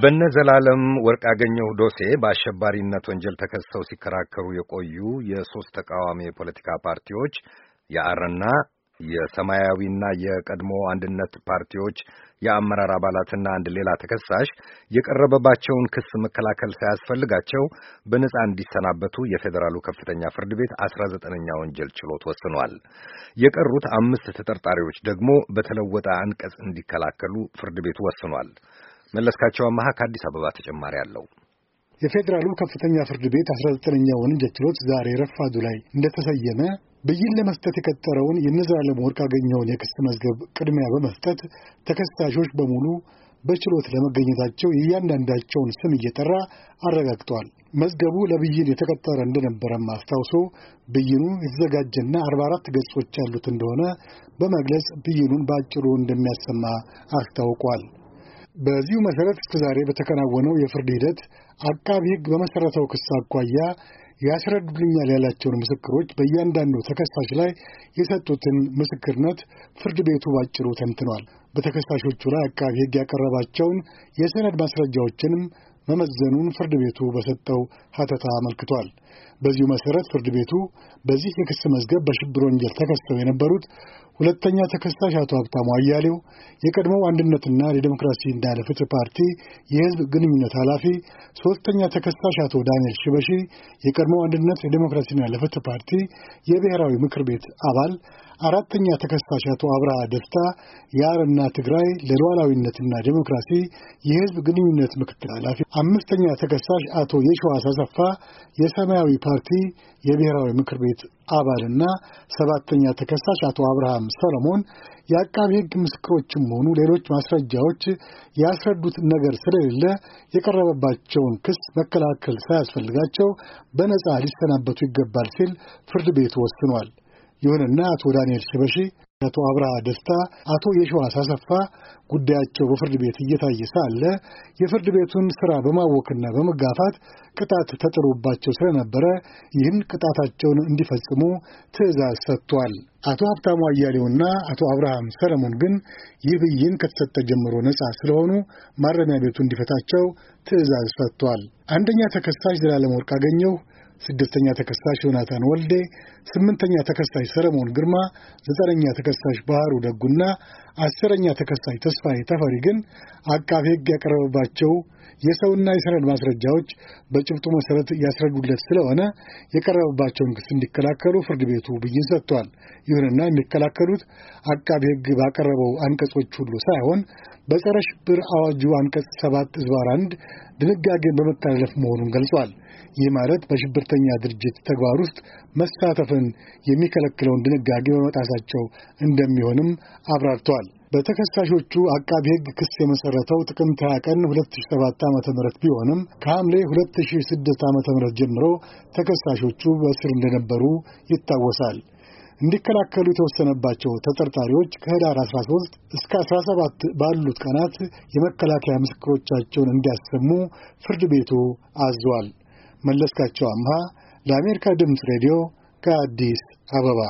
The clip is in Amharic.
በነ ዘላለም ያገኘው ዶሴ በአሸባሪነት ወንጀል ተከሰው ሲከራከሩ የቆዩ የሦስት ተቃዋሚ የፖለቲካ ፓርቲዎች የአረና የሰማያዊና የቀድሞ አንድነት ፓርቲዎች የአመራር አባላትና አንድ ሌላ ተከሳሽ የቀረበባቸውን ክስ መከላከል ሳያስፈልጋቸው በነጻ እንዲሰናበቱ የፌዴራሉ ከፍተኛ ፍርድ ቤት አስራ ዘጠነኛ ወንጀል ችሎት ወስኗል። የቀሩት አምስት ተጠርጣሪዎች ደግሞ በተለወጠ አንቀጽ እንዲከላከሉ ፍርድ ቤቱ ወስኗል። መለስካቸው አመሃ ከአዲስ አበባ ተጨማሪ አለው። የፌዴራሉ ከፍተኛ ፍርድ ቤት 19ኛ ወንጀል ችሎት ዛሬ ረፋዱ ላይ እንደተሰየመ ብይን ለመስጠት የቀጠረውን ወርቅ ያገኘውን የክስ መዝገብ ቅድሚያ በመስጠት ተከሳሾች በሙሉ በችሎት ለመገኘታቸው የእያንዳንዳቸውን ስም እየጠራ አረጋግጧል። መዝገቡ ለብይን የተቀጠረ እንደነበረም አስታውሶ ብይኑ የተዘጋጀና 44 ገጾች ያሉት እንደሆነ በመግለጽ ብይኑን በአጭሩ እንደሚያሰማ አስታውቋል። በዚሁ መሠረት እስከ ዛሬ በተከናወነው የፍርድ ሂደት አቃቢ ሕግ በመሠረተው ክስ አኳያ ያስረዱልኛል ያላቸውን ምስክሮች በእያንዳንዱ ተከሳሽ ላይ የሰጡትን ምስክርነት ፍርድ ቤቱ ባጭሩ ተንትኗል። በተከሳሾቹ ላይ አቃቢ ሕግ ያቀረባቸውን የሰነድ ማስረጃዎችንም መመዘኑን ፍርድ ቤቱ በሰጠው ሐተታ አመልክቷል። በዚሁ መሠረት ፍርድ ቤቱ በዚህ የክስ መዝገብ በሽብር ወንጀል ተከሰው የነበሩት ሁለተኛ ተከሳሽ አቶ ሀብታሙ አያሌው የቀድሞው አንድነትና ለዲሞክራሲና ለፍትህ ፓርቲ የህዝብ ግንኙነት ኃላፊ፣ ሶስተኛ ተከሳሽ አቶ ዳንኤል ሽበሺ የቀድሞው አንድነት ለዲሞክራሲና ለፍትህ ፓርቲ የብሔራዊ ምክር ቤት አባል፣ አራተኛ ተከሳሽ አቶ አብርሃ ደስታ የአረና ትግራይ ለሉዓላዊነትና ዲሞክራሲ የህዝብ ግንኙነት ምክትል ኃላፊ፣ አምስተኛ ተከሳሽ አቶ የሸዋስ አሰፋ የሰማያዊ ፓርቲ የብሔራዊ ምክር ቤት አባልና ሰባተኛ ተከሳሽ አቶ አብርሃም ሰሎሞን የአቃቢ ሕግ ምስክሮችም ሆኑ ሌሎች ማስረጃዎች ያስረዱት ነገር ስለሌለ የቀረበባቸውን ክስ መከላከል ሳያስፈልጋቸው በነጻ ሊሰናበቱ ይገባል ሲል ፍርድ ቤቱ ወስኗል። ይሁንና አቶ ዳንኤል ሽበሺ አቶ አብርሃ ደስታ፣ አቶ የሸዋስ አሰፋ ጉዳያቸው በፍርድ ቤት እየታየ ሳለ የፍርድ ቤቱን ስራ በማወክና በመጋፋት ቅጣት ተጥሎባቸው ስለነበረ ይህን ቅጣታቸውን እንዲፈጽሙ ትዕዛዝ ሰጥቷል። አቶ ሀብታሙ አያሌውና አቶ አብርሃም ሰለሞን ግን ይህ ብይን ከተሰጠ ጀምሮ ነጻ ስለሆኑ ማረሚያ ቤቱ እንዲፈታቸው ትዕዛዝ ሰጥቷል። አንደኛ ተከሳሽ ዘላለም ወርቅ አገኘሁ ስድስተኛ ተከሳሽ ዮናታን ወልዴ፣ ስምንተኛ ተከሳሽ ሰለሞን ግርማ፣ ዘጠነኛ ተከሳሽ ባህሩ ደጉና አስረኛ ተከሳሽ ተስፋዬ ተፈሪ ግን አቃቤ ሕግ ያቀረበባቸው የሰውና የሰነድ ማስረጃዎች በጭብጡ መሰረት ያስረዱለት ስለሆነ የቀረበባቸውን ክስ እንዲከላከሉ ፍርድ ቤቱ ብይን ሰጥቷል። ይሁንና የሚከላከሉት አቃቢ ሕግ ባቀረበው አንቀጾች ሁሉ ሳይሆን በጸረ ሽብር አዋጁ አንቀጽ ሰባት ዝባር አንድ ድንጋጌን በመተላለፍ መሆኑን ገልጿል። ይህ ማለት በሽብርተኛ ድርጅት ተግባር ውስጥ መሳተፍን የሚከለክለውን ድንጋጌ በመጣሳቸው እንደሚሆንም አብራርተዋል። በተከሳሾቹ አቃቢ ሕግ ክስ የመሠረተው ጥቅምት 20 ቀን 2007 ዓ ም ቢሆንም ከሐምሌ 2006 ዓ ም ጀምሮ ተከሳሾቹ በእስር እንደነበሩ ይታወሳል። እንዲከላከሉ የተወሰነባቸው ተጠርጣሪዎች ከህዳር 13 እስከ 17 ባሉት ቀናት የመከላከያ ምስክሮቻቸውን እንዲያሰሙ ፍርድ ቤቱ አዟል። መለስካቸው አምሃ ለአሜሪካ ድምፅ ሬዲዮ ከአዲስ አበባ